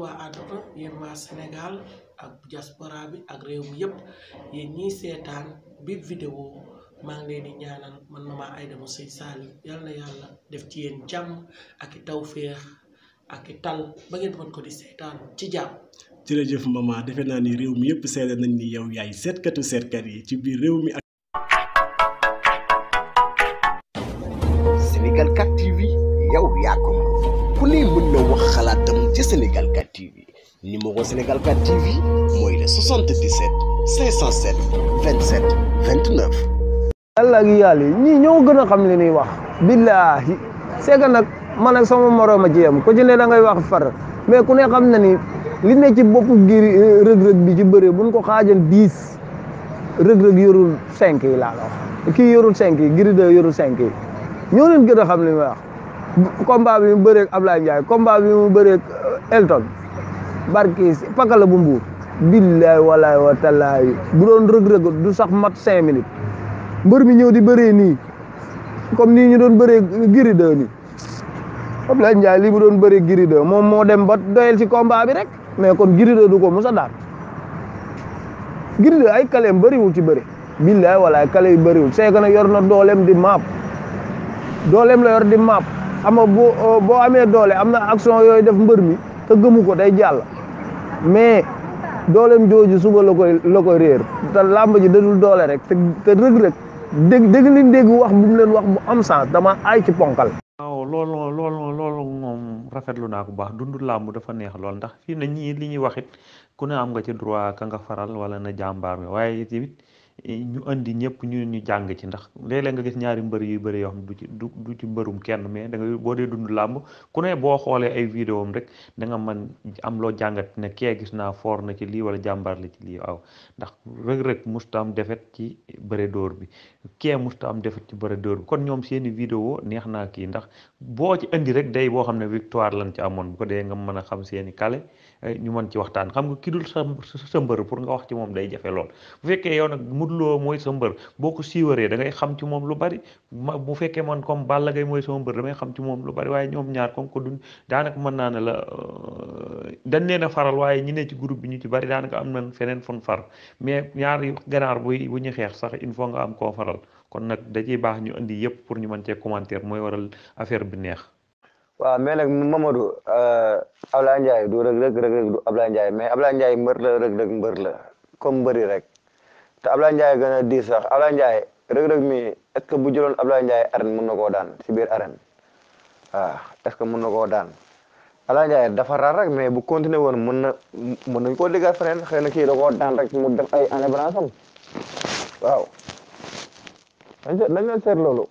waa àdduna yéen waa Sénégal ak diaspora bi ak réew mi yëpp yéen ñiy seetaan biir vidéo maa ngi leen ñaanal man mama Aïda Moussa Saliou yal def ci ak ak tal ba ngeen ko di ci mama defe naa ni réew mi yëpp seede nañ ni yow yaay seetkatu seetkat yi ci mi ak. TV yow yaa ko ku ne mën na wax xalaatam ci Sénégal 4 TV numéro Sénégal 4 TV mooy le 77 507 27 29. yàlla ak yàlla ñii ñoo gën a xam li ñuy wax. billaahi seega nag ma ak sama moroom a ci yam ku ci ne da ngay wax far mais ku ne xam na ni li ne ci boppu ngir euh, rëg-rëg bi ci bëree buñ ko xaajal dix rëg-rëg yorul cinq yi laa la wax kii yorul cinq yi Gris 2 yorul cinq yi ñoo leen gën a xam li wax. combat bi mu bëreeg Ablaye Ndiaye combat bi mu eh, Elton barki pakala bu mbuur billaay walaay wa tallaay bu doon reug reug du sax mat 5 minutes mbeur mi ñew di bëree ni comme ni ñu doon bëree giri de Ablaye Ndiaye li bu doon giri de moom dem ba doyel ci combat bi rek mais kon giri de du ko musa daan giri de ay kaleem wu ci bëri billahi walaay kalay yu wu c'est yor na dolem di map dolem la yor di map xam nga boo euh, boo amee doole am na action yooyu def mbër mi te gëmu ko day jàll mais dooleem jooju suba la koy réer te làmb ji dadul doole rek te te rëg-rëg dégg dégg liñ wax bu mu leen wax bu am sens dama ay ci ponkal waaw loolu loolu loolu moom rafetlu naa ko baax dundu làmb dafa neex lool ndax fii na ñii li ñuy waxit ku ne am nga ci droit ka nga faral wala na jàmbaar nga waaye tamit ñu indi ñëpp ñu ñu jàng ci ndax léeg nga gis ñaari mbër yu bëri yoo xam du ci du ci mbërum kenn mais da boo dee dund làmb ku boo xoolee ay vidéo am rek da nga man am loo jàngat ne kee gis naa foor na ci lii wala jàmbaar la ci lii waaw ndax rëg-rëg musta defet ci bëre dóor bi kee musta am ci bëre dóor kon ñoom seeni vidéo neex naa kii ndax boo ci indi rek day boo xam ne victoire lañ ci amoon bu ko dee nga mën a xam seeni kale Eh, ñu mën ci waxtaan xam nga ki dul sa sa mbër pour nga wax ci moom day jafe lool bu fekkee yow nag Modou mooy sa mbër boo ko siiwaree da ngay xam ci moom lu bari ma bu fekkee man comme Balla Gaye mooy sama mbër damay xam ci moom lu bari waaye ñoom ñaar comme ko daanaka mën naa ne la euh, dañ leen faral waaye ñi ne ci groupe bi ñu ci bari daanaka am nañ feneen far mais ñaar ganaar buy bu ñu xeex sax il faut nga am koo faral kon nag da baax ñu indi yëpp pour ñu mën cee commentaire mooy waral affaire bi neex waaw mais nag Mamadou euh, Ablaye Ndiaye du rëg rëg rëg du Ablaye Ndiaye mais Ablaye Ndiaye mbër la rëg rëg mbër la comme mbëri rek te Ablaye Ndiaye gën a diis sax Ablaye Ndiaye rëg rëg mi est mu que jëloon Ablaye Ndiaye arène mën na koo daan si biir arène waaw que mën na koo daan dafa raar rek mais bu continuer woon mën na mën nañu koo déggaat feneen xëy na kii da koo daan rek mu def ay enébranche am waaw dañ leen seet loolu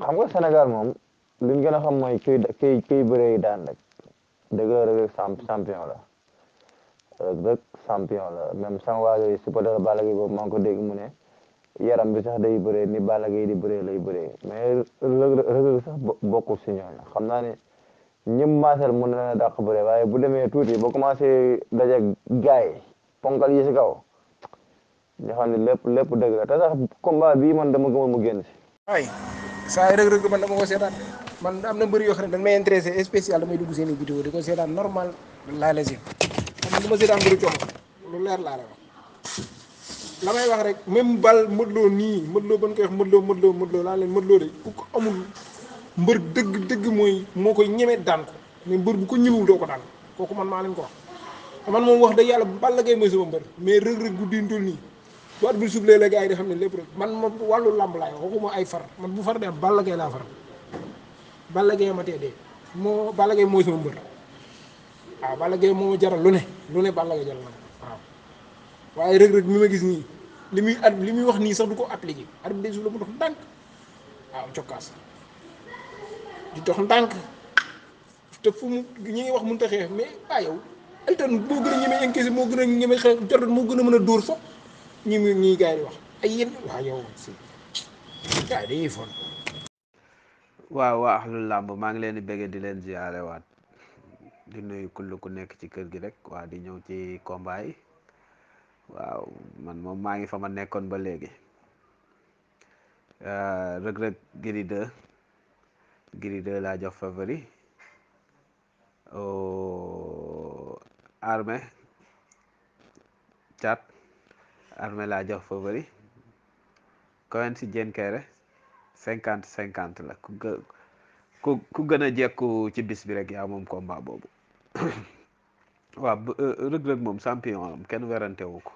xam nga Sénégal moom liñ gën a xam mooy kuy kuy kuy bëree daan rek dëgg rek champion la rek rek champion la même sans waajooyu supporter Balla Gaye boobu maa ngi ko dégg mu ne yaram bi sax day bëree ni Balla Gaye di bëree lay bëree mais rek rek sax bokkul si ñoom xam naa ne ñëm maasal mën na dàq bëree waaye bu demee tuuti ba commencé daje gaay ponkal yi si kaw ñu xam ne lépp lépp dëgg la te sax combat bii man dama gëmoon mu génn si. ay saa yi man dama ko seetaan. man am na mbëri yoo xam ne dañ may intéressé spécial damay dugg seen i vidéo di ko seetaan normal laa la seen man du ma seetaan mbëri coono lu leer laa la wax la may wax rek même bal mëdloo nii mëdloo ban koy wax mëdloo mëdloo mëdloo laa leen mëdloo de ku ko amul mbër dëgg dëgg mooy moo koy ñemee daan ko mais mbër bu ko ñëwul doo ko daan kooku man maa leen ko wax man moom wax dëgg yàlla Balla Gaye mooy sama mbër mais Reug Reug bu dintul nii bu at bi suuflee la gars yi di xam ne lépp rek man moom wàllu lamb laay waxuma ay far man bu far dee Balla Gaye laa far Balla Gaye ma de dee moo Balla moo mooy sama mbër waaw Balla moo jaral lu ne lu ne Balla Gaye jaral na waaw waaye Reug Reug ma gis nii li muy at li muy wax nii sax du ko appliqué at bi des la mu dox ndànk waaw cokkaas di dox ndànk te fu mu ñi ngi wax mënut a xeex mais ah yow Elton boo gën a ñemee encaissé moo gën a ñemee xeex Jordan moo gën a mën a dóor foofu ñi ñi gars yi di wax ay yéen waaw yow si gars yi dañuy fon waaw waa ahlul làmb maa ngi leen di bëgge di leen ziyaare waat di nuyu kull ku nekk ci kër gi rek waa di ñëw ci combat waaw man moom maa ngi fa ma nekkoon ba léegi euh, Reug Reug Gris laa jox favori Armé Thiat Armé laa jox favori Koen si Diène cinquante cinquante la ku gë ku gën a jekku ci bis bi rek yaa moom combat boobu waa euh, Reug Reug moom champion am kenn werante wu ko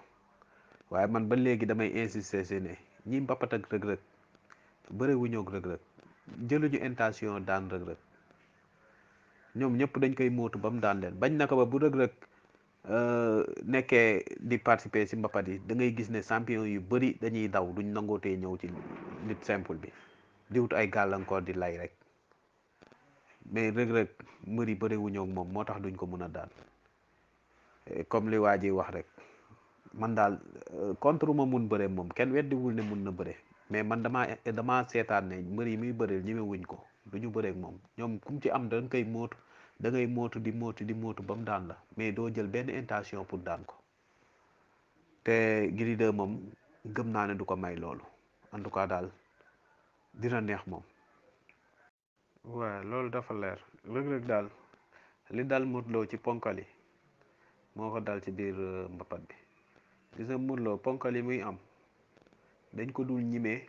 waaye man ba léegi damay insister si ne ñi mbapat ak Reug Reug bëre wu ñoog Reug jëluñu intention daan Reug Reug ñoom ñëpp dañ koy mootu ba mu daan leen bañ naka ba bu Reug Reug euh, nekkee di participer si mbappat yi da ngay gis ne champion yu bëri dañuy daw duñ nangoo te ñëw ci lutte simple bi di wut ay gàllankoor di lay rek mais rek rek mbër yi bëri wuñu ak moom moo tax duñ ko mën a daan eh, comme li waa ji wax rek man daal euh, contre ma mun bëre moom kenn weddiwul ne mun na bëre mais man dama eh, damaa seetaan ne mbër yi muy bëri ñeme wuñ ko du ñu bëre moom ñoom kum ci am da nga koy mootu da mootu di mootu di mootu ba mu daan la mais doo jël benn intention pour daan ko te Gris 2 moom gëm naa ne du ko may loolu en tout cas daal dina neex moom. waaw loolu dafa leer rëg-rëg daal li daal Modou ci ponkal yi moo ko dal ci biir euh, mbapat bi gis nga Modou yi muy am dañ ko dul ñimee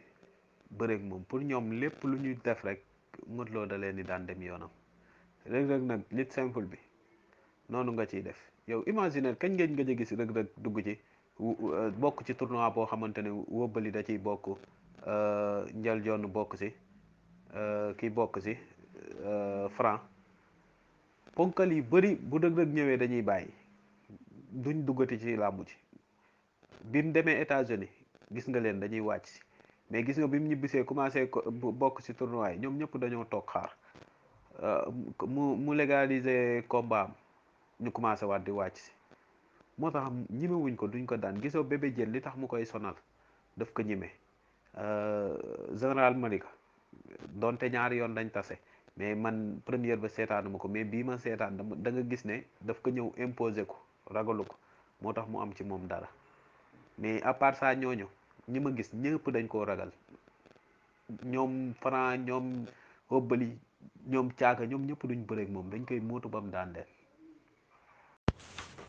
bëreeg moom pour ñoom lépp lu ñuy def rek Modou da leen di daan dem yoonam rëg-rëg nag nit simple bi noonu nga ciy def yow imaginer kañ ngeen nga gis rëg-rëg dugg ci euh, bokk ci tournoi boo xamante ne wóbbali da ciy bokk Euh, njal Dione bokk si euh, kii bokk si euh, Franc ponkal yi bëri bu dëgg-dëgg ñëwee dañuy bàyyi duñ duggati ci làmb ci bi mu demee états uni gis nga leen dañuy wàcc si mais gis nga bi mu ñibbisee commencé bokk si tournoi ñoom ñëpp dañoo toog xaar mu mu légaliser combat ñu commencé waat di wàcc si moo tax ñimewuñ ko duñ ko daan gisoo bébé jën li tax mu koy sonal daf ko ñime Euh, général Malika donte ñaari yoon dañ tase mais man première ba seetaanuma ko mais bii ma seetaan dama da nga gis ne daf ko ñëw imposer ko ragalu ko moo tax mu am ci moom dara mais à part ça ñooñu ñi ma gis ñëpp dañ koo ragal ñoom Franc ñoom Obali ñoom caaka ñoom ñëpp duñ bëreeg moom dañ koy mootu bam daan deel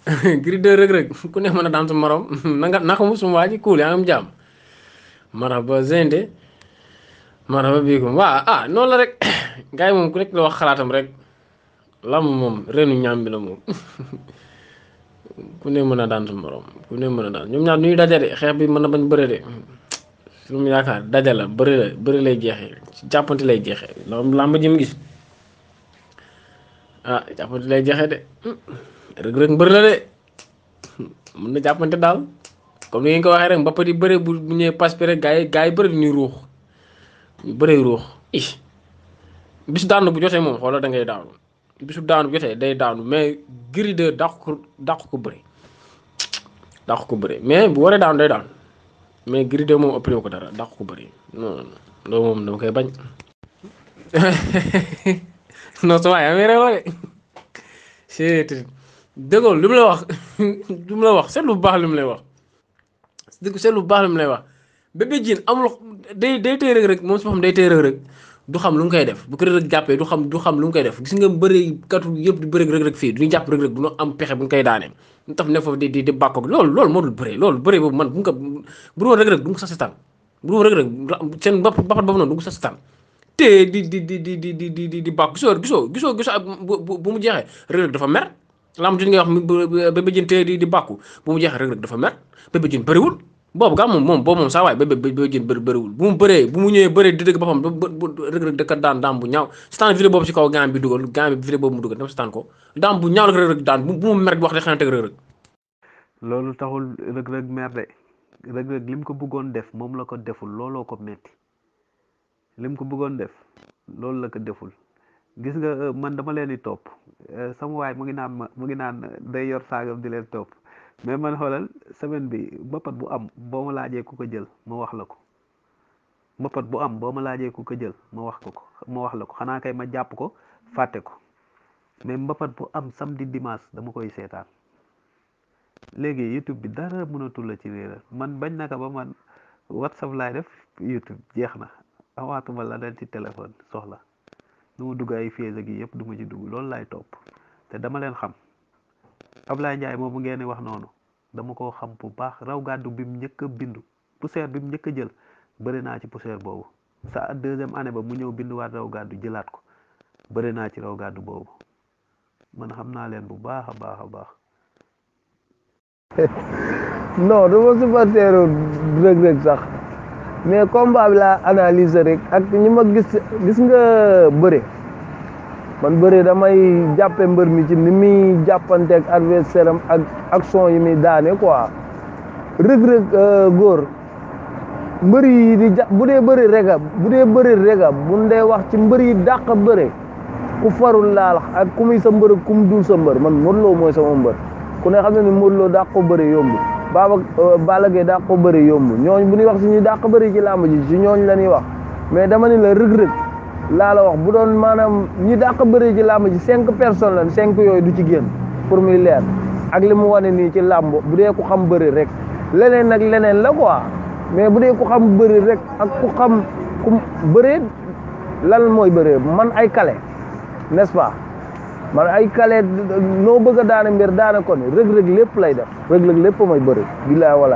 Gris 2 Reug Reug ku ne mën a daan su morom na nga mu suma waa kuul yaa ngi am jàmm marhaba Zende marhaba biikum waaw ah noonu la rek gars yi moom ku nekk la wax xalaatam rek lam moom reenu ñaam bi ku ne mën a daan su morom ku ne mën a daan ñoom ñaar ñuy daja de xeex bi mën na bañ bëre de suñu yaakaar daje lay jeexee ci lay jeexee loolu ji mu gis ah jàppante lay na jàppante daal comme ni ngeen ko waxee rek mbappat yi bëre bu ñëwee passe bi rek gaa yi gaa yi bëri dañuy ruux ñu bëree ruux i bisu daanu bu jotee moom xoolal dangay ngay daanu bisu daanu bu jotee day daanu mais Gris 2 dàq ko dàq ko ko bëri mais bu waree daanu day daanu mais Gris 2 moom ëpp ko dara dàq ko bëri non loolu moom dama koy bañ non su waay amee réew de c'est dëggoon li mu la wax li mu la wax seetlu bu baax lu mu lay wax dëgg seetlu bu baax la mu lay wax Bébé Diène amul day day téye rek rek moom su ma xam day téye rek rek du xam lu mu koy def bu ko rek jàppee du xam du xam lu mu koy def gis nga bëri katu yëpp di bëri rek rek fii duñu jàpp rek rek du ñu am pexe bu ñu koy daanee ñu taf ne foofu di di lool lool loolu loolu moo dul bëree loolu bëree boobu man bu nga bu doon rek rek du nga sax setaan bu doon rek rek seen bapat boobu noonu du nga sax setaan te di di di di di di di di bàkk gisoo gisoo gisoo gisoo bu mu jeexee rek rek dafa mer lam tuñ ngay wax bébé jën tey di di bàkku bu mu jeexee rek rek dafa mer bébé jën bëriwul boobu gaa moom moom boobu moom saa waay bébé bébé jën bëri bëriwul bu mu bëree bu mu ñëwee bëree di dëgg boppam rek rek dëkk daan daan bu ñaaw setaan vidéo boobu si kaw gaan bi dugal gaan bi vidéo boobu mu dugal dama setaan ko daan bu ñaaw rek rek daan bu mu mer wax de xanaa teg rek rek loolu taxul rek rek mer de rek rek lim ko bëggoon def moom la ko deful looloo ko metti lim ko bëggoon def loolu la ko deful gis nga euh, man dama leen di topp euh, sama waay mu ngi naan ma mu ngi naan day yor saagam di leen topp mais man xoolal semaine bi mbapat bu am boo ma laajee ku ko jël ma wax la ko mbapat bu am boo ma laajee ko jël ma wax ko ko ma wax la ko xanaa kay ma jàpp ko fàtte ko mais mbapat bu am samedi dimaas dama koy seetaan léegi YouTube bi dara mënatul la ci réeral man bañ naka ba man WhatsApp laay def YouTube jeex na awaatuma la leen ci téléphone soxla lu mu dugg ay fies ak yi yëpp du ma ci dugg loolu laay topp te dama leen xam Ablaye Ndiaye moomu ngeen wax noonu dama koo xam bu baax raw gàddu bi mu njëkk a bindu poussière bi mu njëkk a jël bëri naa ci poussière boobu sa deuxième année ba mu ñëw binduwaat raw gàddu jëlaat ko bëri naa ci raw gàddu boobu man xam naa leen bu baax a baax a baax. non dama supporteeru Reug Reug sax. mais combat bi laa analyser rek ak ñi ma gis gis nga bëre man bëre damay jàppe mbër mi ci ni muy jàppante ak adversaire ak action yi mi daane ko rëg-rëg góor mbër yi di ja bu dee bëri rega bu dee bëri rega bu dee wax ci mbër yi dàq bëre ku farul laal ak ku muy sa mbër ak ku mu dul sa mbër man Modou loo mooy sama mbër ku ne xam ne ni Modou Lo dàq ko bëre yomb Baba euh, Balla Gaye dàq ko bëri yomb ñooñ bu ñuy wax si ñu dàq bëri ci làmb ji si ñooñ la ñuy wax mais dama ni la rëg-rëg laa la wax bu doon maanaam ñi dàq bëri ci làmb ji cinq personnes la cinq yooyu du ci génn pour muy leer ak li mu wane nii ci làmb bu dee ku xam bëri rek leneen ak leneen la quoi mais bu dee ku xam bëri rek ak ku xam ku bëree lan mooy bëree man ay kale n'est-ce man ay kale noo bëgg a daane mbir daane ko ni rëg-rëg lépp lay def rëg-rëg lépp may bëri billaay wala